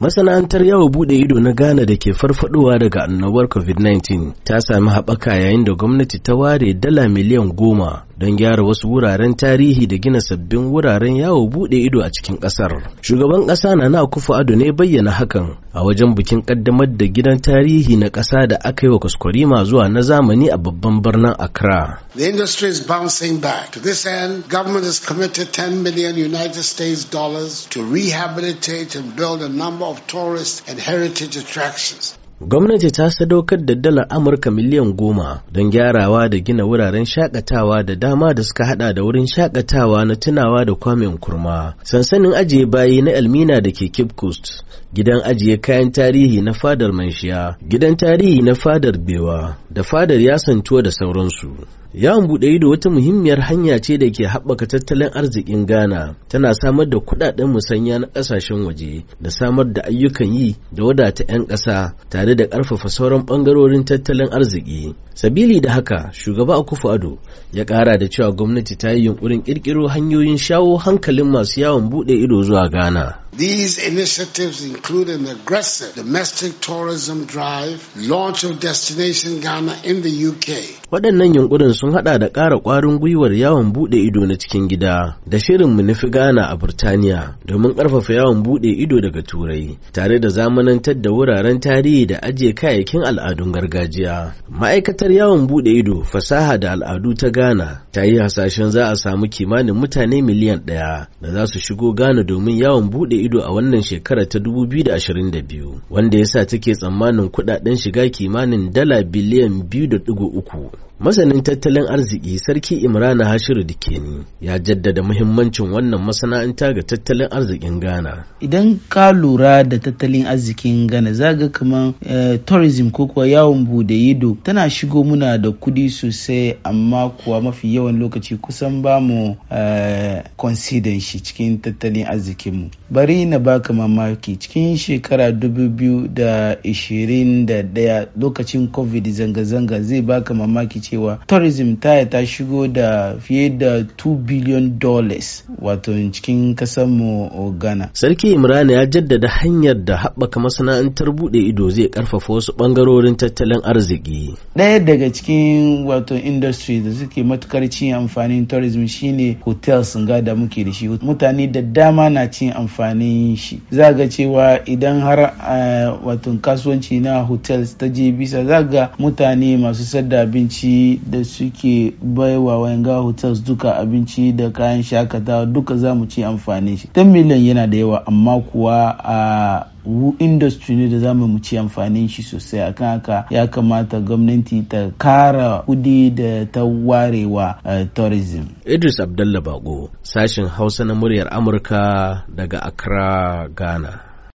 Masana'antar yawon bude ido na Ghana da ke farfadowa daga annobar COVID-19 ta sami haɓaka yayin da gwamnati ta ware dala miliyan goma don gyara wasu wuraren tarihi da gina sabbin wuraren yawo buɗe ido a cikin ƙasar. Shugaban ƙasa na na kufa ado ne bayyana hakan a wajen bikin ƙaddamar da gidan tarihi na ƙasa da aka yi wa kwaskwarima zuwa na zamani a babban birnin Accra. The industry is bouncing back. To this end, government has committed 10 million United States dollars to rehabilitate and build a number of tourist and heritage attractions. Gwamnati ta sadaukar da dalar Amurka miliyan goma don gyarawa da gina wuraren shakatawa da dama da suka hada da wurin shakatawa na tunawa da kwamen kurma, sansanin ajiye bayi na Elmina da ke Cape Coast, gidan ajiye kayan tarihi na fadar manshiya gidan tarihi na fadar bewa da fadar yasantuwa da sauransu yawon buɗe ido wata muhimmiyar hanya ce da ke haɓaka tattalin arzikin ghana tana samar da kuɗaɗen musanya na ƙasashen waje da samar da ayyukan yi da wadata 'yan ƙasa tare da ƙarfafa sauran ɓangarorin tattalin arziki sabili da haka shugaba akufu ado ya kara da cewa gwamnati ta yi yunkurin kirkiro hanyoyin shawo hankalin masu yawon bude ido zuwa ghana These initiatives include an aggressive domestic tourism drive, launch of Destination Ghana in the UK. Waɗannan yunkurin sun haɗa da ƙara ƙwarin gwiwar yawon buɗe ido na cikin gida da shirin mu Ghana a Burtaniya domin ƙarfafa yawon buɗe ido daga Turai, tare da zamanantar da wuraren tarihi da ajiye kayayyakin al'adun gargajiya. Ma'aikatar ƙasar yawon buɗe ido, fasaha da al'adu ta Ghana ta yi hasashen za a samu kimanin mutane miliyan ɗaya da za su shigo Ghana domin yawon buɗe ido a wannan shekara ta 2022, wanda ya sa take tsammanin kudaden shiga kimanin dala biliyan 2.3. Masanin tattalin arziki Sarki Imrana Hashiru Dikeni ya jaddada muhimmancin wannan masana'anta ga tattalin arzikin Ghana. Idan ka lura da tattalin arzikin Ghana zaga kamar eh, tourism ko kuwa yawon bude ido tana shigo ko muna da kudi sosai amma kuwa mafi yawan lokaci kusan ba mu eh, consider shi cikin tattalin arzikinmu bari na baka mamaki cikin shekara 2021 lokacin covid zanga-zanga zai baka mamaki cewa tourism ta ta shigo da fiye da 2 billion dollars wato cikin mu ghana sarki imrana ya jaddada hanyar da haɓaka masana'antar buɗe ido zai ƙarfafa wasu ɓangarorin tattalin arziki ɗaya daga cikin wato industry da suke matukar cin amfanin tourism shine hotels ga da muke da shi mutane da dama na cin amfanin shi za ga cewa idan har eh, wato kasuwanci na hotels ta je bisa za ga mutane masu sadda abinci da suke baiwa ga hotels duka abinci da kayan shakatawa duka za mu ci amfanin shi 10 miliyan yana da yawa amma kuwa a ah, industry ne da zamu mu ci amfanin shi sosai akan haka ya kamata gwamnati ta kara kudi da ta warewa eh, tourism Idris Abdallah Bago sashin Hausa na muryar Amurka daga Accra Ghana